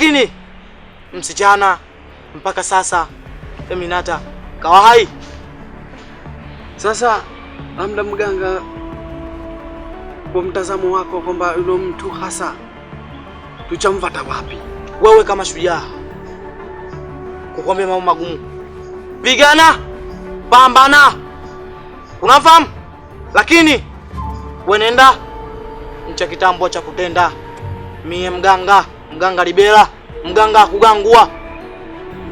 Lakini msichana mpaka sasa Feminata kawa hai. Sasa amda mganga, kwa mtazamo wako kwamba yule mtu hasa tuchamvata wapi? Wewe kama shujaa, kukwambia mambo magumu, pigana, pambana, unafahamu. Lakini wenenda ncha kitambo cha kutenda, mie mganga mganga libela, mganga akugangua.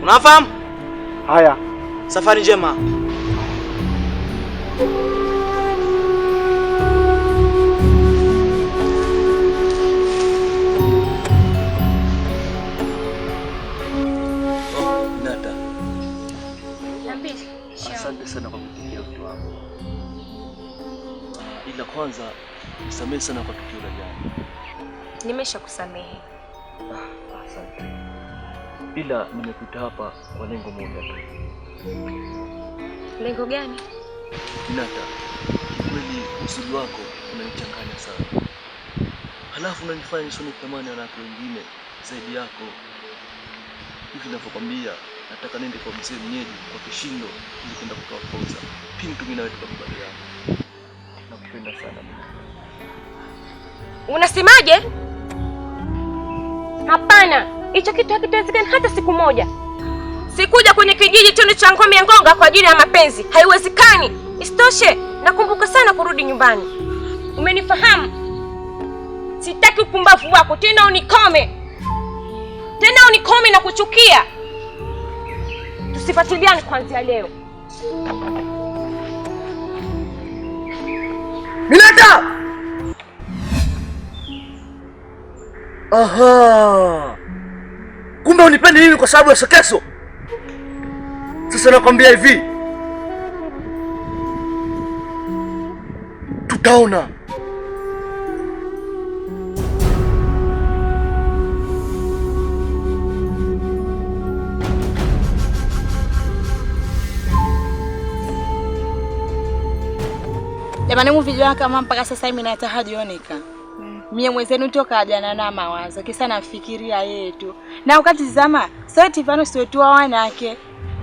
Unafahamu haya. Safari njema. kwanza nisamehe sana kwa tukio la jana. Nimesha kusamehe. Ah, asante, ila nimekuta hapa kwa lengo moja tu. Lengo gani? Hinata, kweli uzuri wako unanichanganya sana, halafu unanifanya nisoni thamani wanawake wengine zaidi yako. Hivi ninavyokwambia, nataka nende kwa mzee mwenyeji kwa kishindo, ili kwenda kutoa poza pintu. Mimi nawe tukakubaliana. Nakupenda sana. Unasemaje? Hapana, hicho kitu hakitawezekana hata siku moja. Sikuja kwenye kijiji chenu cha Ngome ya Ngonga kwa ajili ya mapenzi, haiwezekani. Isitoshe nakumbuka sana kurudi nyumbani. Umenifahamu? Sitaki upumbavu wako tena, unikome tena, unikome na kuchukia. Tusifatiliane kuanzia leo. Mileta! Aha. Kumbe unipendi mimi kwa sababu ya Sekeso. Sasa nakwambia hivi, tutaona. Jamani, muvi kama mpaka sasa mimi natahajionika mie mwenzenu toka jana na mawazo kisa nafikiria yetu tu, na ukatizama sio Tivano, sio tu wanawake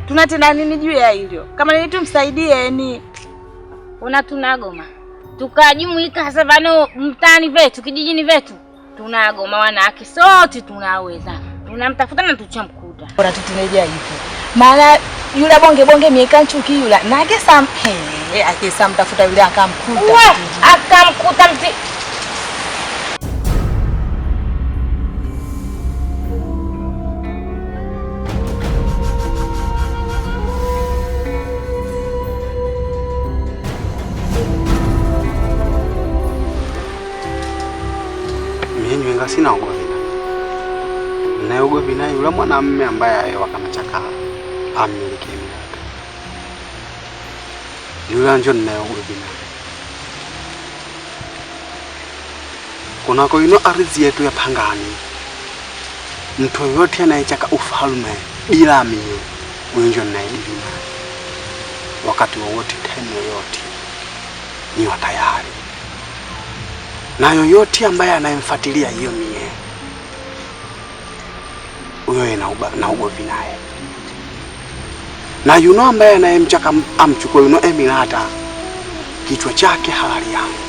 tunatenda nini juu ya hilo? Kama nini tumsaidieni, una tunagoma tukajumuika savano mtani vetu kijijini vetu tunagoma, wanawake sote tunaweza tunamtafuta na tuchamkuta, bora tutineja hivyo maana yule bonge bonge mieka nchuki yula na akesa akesa mtafuta yule akamkuta akamkuta mti yule mwanamume ambaye wakamchaka amiliki mamlaka, yule njo ninayohubiri kunako ino ardhi yetu ya Pangani. Mtu yoyote anayechaka ufalme bila mimi, huyo njo wakati wowote, time yoyote, niwa tayari na yoyote ambaye anayemfuatilia hiyo wewe na ugomvi naye na yuno know, ambaye anayemchaka amchukua yuno emirata Eminata kichwa chake halali yangu.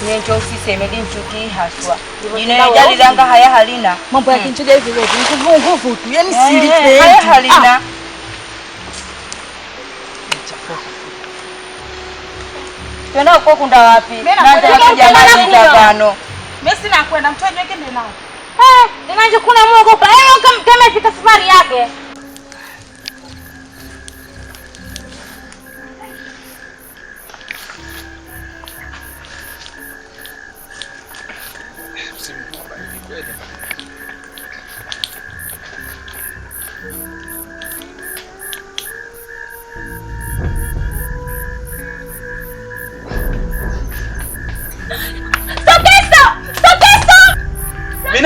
Hmm, semelini chuki haswa inajalilanga haya halina mambo ya hmm. kinchuja hivi leo hovu tu, yani silipe haya halina ah. tena uko kunda wapi? Mimi sina kwenda mtu ajue kende nao. Eh, inaje kuna Mungu kwa hiyo eh, kama kama fika safari yake.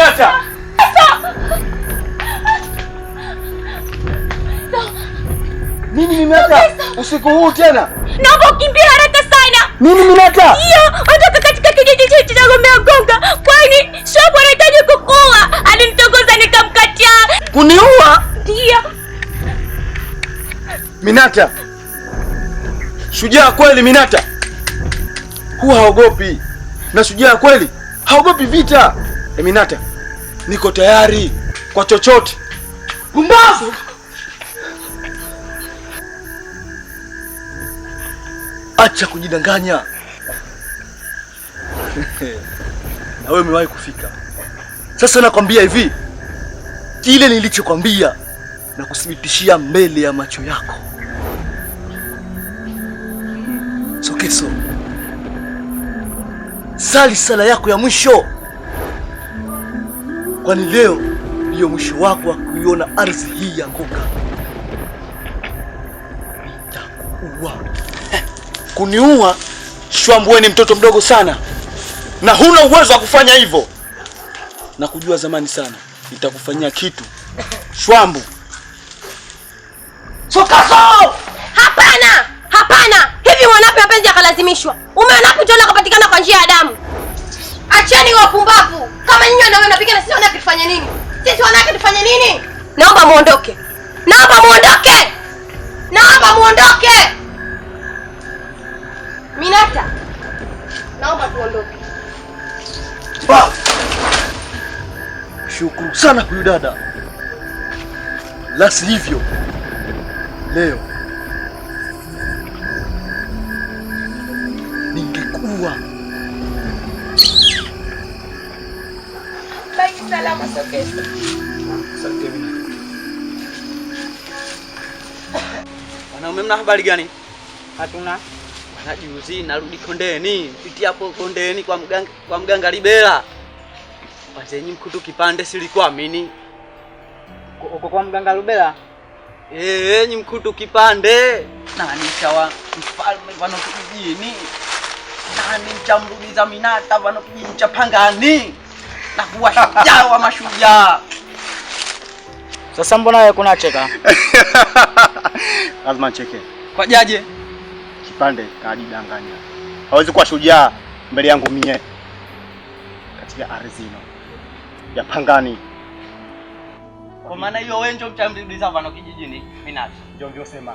Niacha. Mimi nimeacha usiku huu tena. Naomba ukimbie haraka sana. Mimi nimeacha. Ndio, ondoka katika kijiji chetu cha Gombe Gonga. Kwani sio anahitaji kukua. Alinitogoza nikamkatia. Kuniua? Ndio. Minata. Shujaa kweli Minata. Huwa haogopi. Na shujaa kweli haogopi vita. E eh, Minata niko tayari kwa chochote. Pumbavu! Acha kujidanganya. Na wewe umewahi kufika. Sasa nakwambia hivi, kile nilichokwambia na kuthibitishia mbele ya macho yako. Sokeso, sali sala yako ya mwisho kwani leo ndiyo mwisho wako wa kuiona ardhi hii ya Ngoka. Nitakuua. Kuniua? Shwambwe ni mtoto mdogo sana, na huna uwezo wa kufanya hivyo. Nakujua zamani sana, nitakufanyia kitu Shwambu. Sokaso! Hapana, hapana! Hivi mwanape mapenzi akalazimishwa? Umeona hapo tola kapatikana kwa njia ya damu. Acheni wapumbavu. Kama nyinyi wanaume mnapigana, sisi wanawake tufanye nini? Sisi wanawake tufanye nini? Naomba muondoke, naomba muondoke, naomba muondoke. Minata, naomba tuondoke. Shukuru sana huyu dada, la leo ningekuwa salama Sokesha. Wanaume mna habari gani? Hatuna. juzi narudi kondeni. Pitia hapo kondeni kwa mganga kwa mganga Libela. Wazenyi mkutu kipande silikuamini. Uko kwa mganga Libela? Eh, nyi eh, mkutu kipande. Nani chawa mfalme wanatujini? Nani za minata wanatujini chapangani? na kuwa shujaa wa mashujaa. Sasa mbona wewe kuna cheka? Lazima cheke. Kwa jaje? Kipande kajidanganya. Hawezi kuwa shujaa mbele yangu mie katika arzino ya Pangani. Kwa maana hiyo wewe ndio mtamrudisha vano kijijini. Mimi Ndio ndio sema.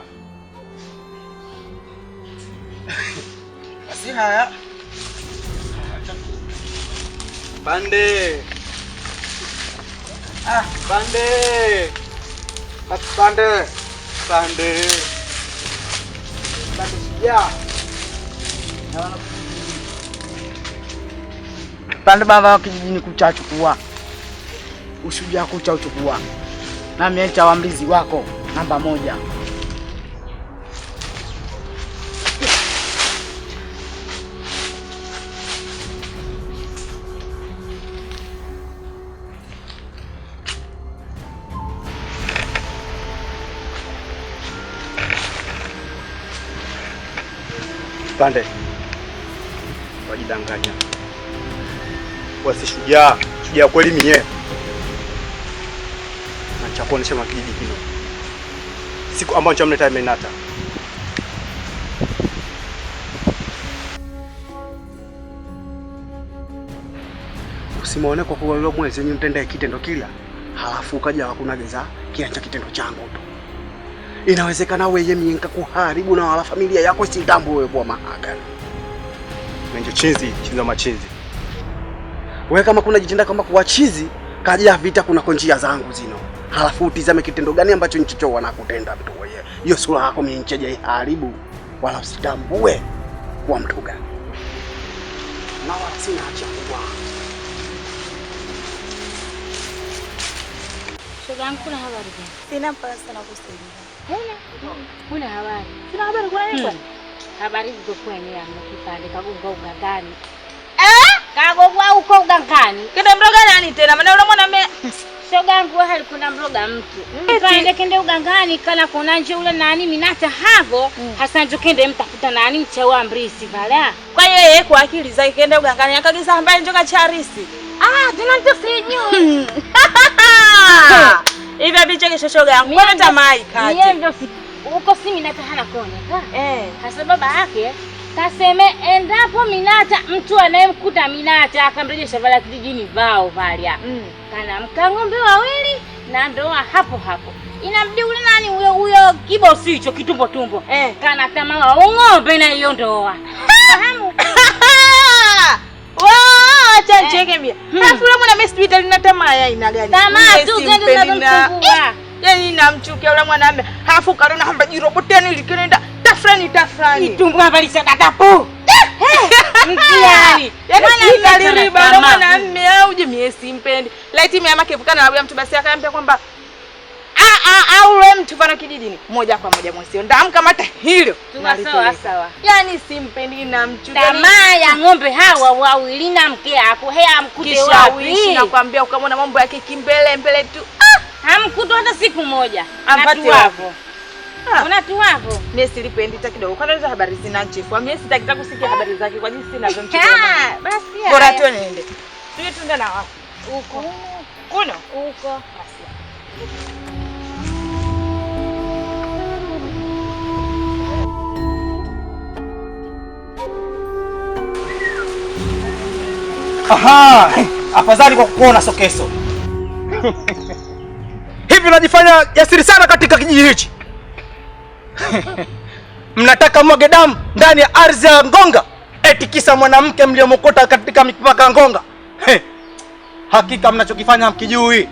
Basi haya. Bande. Ah, Bande. Bande. Bande. Bande sijaa. Pande baba wa kijijini kuchachukua ushujaa uchukua. na mimi wamlizi wako namba moja. Pande wajidanganya, wasishujaa shujaa kweli. Mie nachakuonesha makijiji hino siku ambayo nchamleta menata Usimaone kwa kulo mwezi yenye mtendee kitendo kila, halafu ukaja wakunageza kila kitendo changu inawezekana weye mienka kuharibu na wala familia yako sitambo wewe kwa mahaka nenjo chizi wa machizi wewe kama kuna jitenda kama kuwa chizi kajia vita kunako njia zangu zino halafu utizame kitendo gani ambacho nchicho wanakutenda mtu weye hiyo sura yako miencheje haribu wala usitambue kuwa mtu gani na wala sina haja kuwa shoga kuna habari gani sina mpaka sana kusaidia Mm. Huna habari. Sina habari kwa yeye. Hmm. Habari hizo kwenye yangu kipande kagonga ugangani. Eh? Kagonga uko ugangani. Kende mroga nani tena? Maana unamwona mimi shoga yangu hali kuna mroga mtu. Kende kende ugangani kana kuna nje ule nani minata havo. Hmm. Hasa nje kende mtakuta nani mchewa mbrisi bala. Kwa yeye kwa akili zake kende ugangani akagiza ambaye njoka charisi. Ah, tena Hivi abicheke shoshoga yangu. Mbona hata mai huko si Minata hana kona. Eh. Hasa baba yake kaseme endapo Minata mtu anayemkuta Minata akamrejesha vala kijijini vao valya Mm. Kana mkang'ombe wawili na ndoa hapo hapo. Inabidi ule nani huyo huyo kibosi hicho kitumbo tumbo. Eh. Kana kama ung'ombe na hiyo ndoa. Fahamu Eh. cheke hmm. mimi eh, yaani namchukia yule mwanaume. Hafu karona hamba jiroboteni likinenda tafrani tafrani. Itumbwa bali sasa tatapo. Eh, Mkiani. Yaani kaliriba mwanaume au je mie simpendi. Laiti mimi amake vukana na mtu basi akamwambia kwamba au aule mtu pana kijijini moja kwa moja mwasio ndamkamata hilo. Sawa sawa, yani simpendi na mchu tamaa ya ng'ombe hawa wawili na mke yako hea mkute wapi? Nakwambia ukamona mambo yake kimbele mbele tu ah, hamkutu hata siku moja ampati wapo Una tu wapo. Ah. Mimi silipendi hata kidogo. Kwanza hizo habari zina chifu. Mimi sitaki kusikia habari ah. zake kwa jinsi ninavyomchukia. Ah, basi. Bora tu niende. Tuende na wapi? Huko. Kuno? Huko. Basi. Aha, afadhali kwa kuona sokeso. Hivi unajifanya jasiri sana katika kijiji hichi. Mnataka mwage damu ndani ya ardhi ya Ngonga eti kisa mwanamke mliomokota katika mipaka ya Ngonga. Hakika mnachokifanya mkijui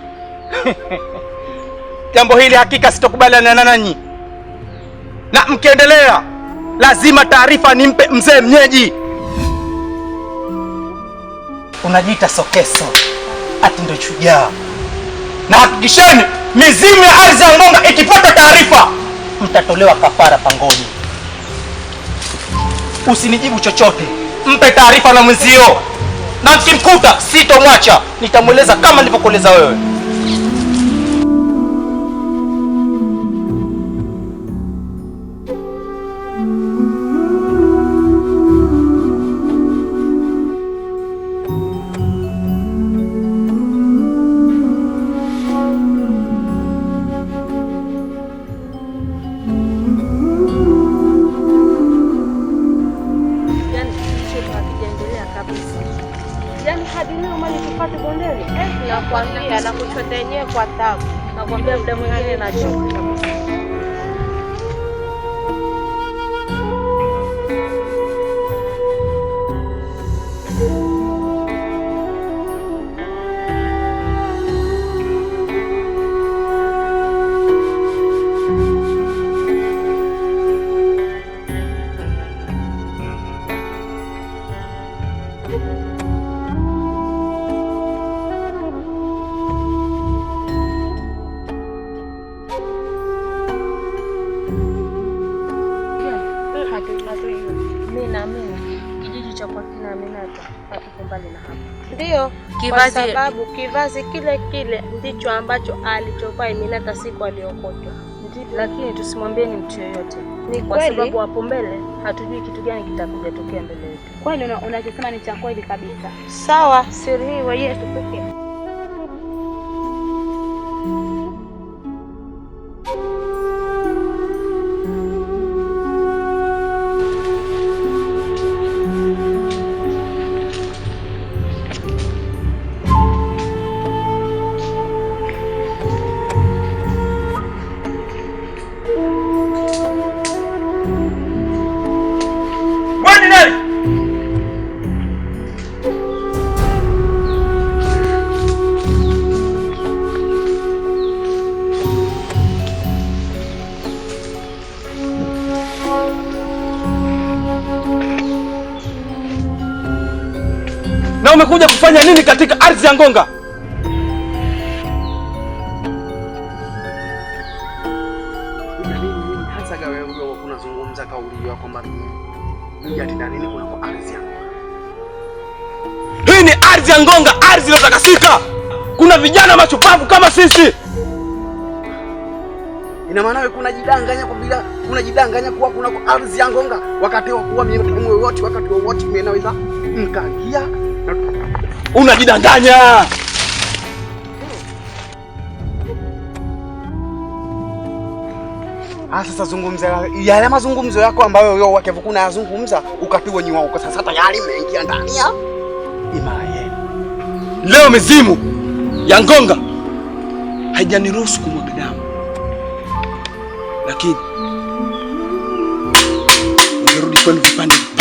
Jambo hili hakika sitokubaliana nanyi, na mkiendelea lazima taarifa nimpe mzee mwenyeji unajiita Sokeso ati ndio shujaa. Na hakikisheni mizimu ya ardhi ya Ngonga ikipata taarifa, mtatolewa kafara pangoni. Usinijibu chochote, mpe taarifa na mwenzio, na mkimkuta sitomwacha, nitamweleza kama nilivyokueleza wewe. wakati bondeni eh, nakuambia nakuchota yenyewe kwa tabu, nakwambia muda mwingine nachoka Kivazi... kwa sababu kivazi kile kile ndicho ambacho alichovaa Iminata siku aliokotwa, lakini tusimwambieni mtu yoyote ni kwa kweli, sababu hapo mbele hatujui kitu gani kitakuja tokea mbele yetu. Kwani unachosema ni cha kweli kabisa. Sawa, siri hii wewe tupokee. umekuja kufanya nini katika ardhi ya Ngonga? hii ni ardhi ya Ngonga, ardhi iliyotakasika. Kuna vijana machupavu kama sisi. Ina maana wewe kunajidanganya kwa bila kunajidanganya kuwa kuna ardhi ya Ngonga, wakati wa kuwa mimi mtu yoyote, wakati wote mimi naweza mkaingia Unajidanganya. Ah, sasa zungumza yale mazungumzo yako ambayo wewe na yazungumza ukapigwa nyuma huko. Sasa tayari umeingia ndani ya Leo mizimu ya Ngonga haijaniruhusu kumwaga damu, lakini ungerudi kwenu vipande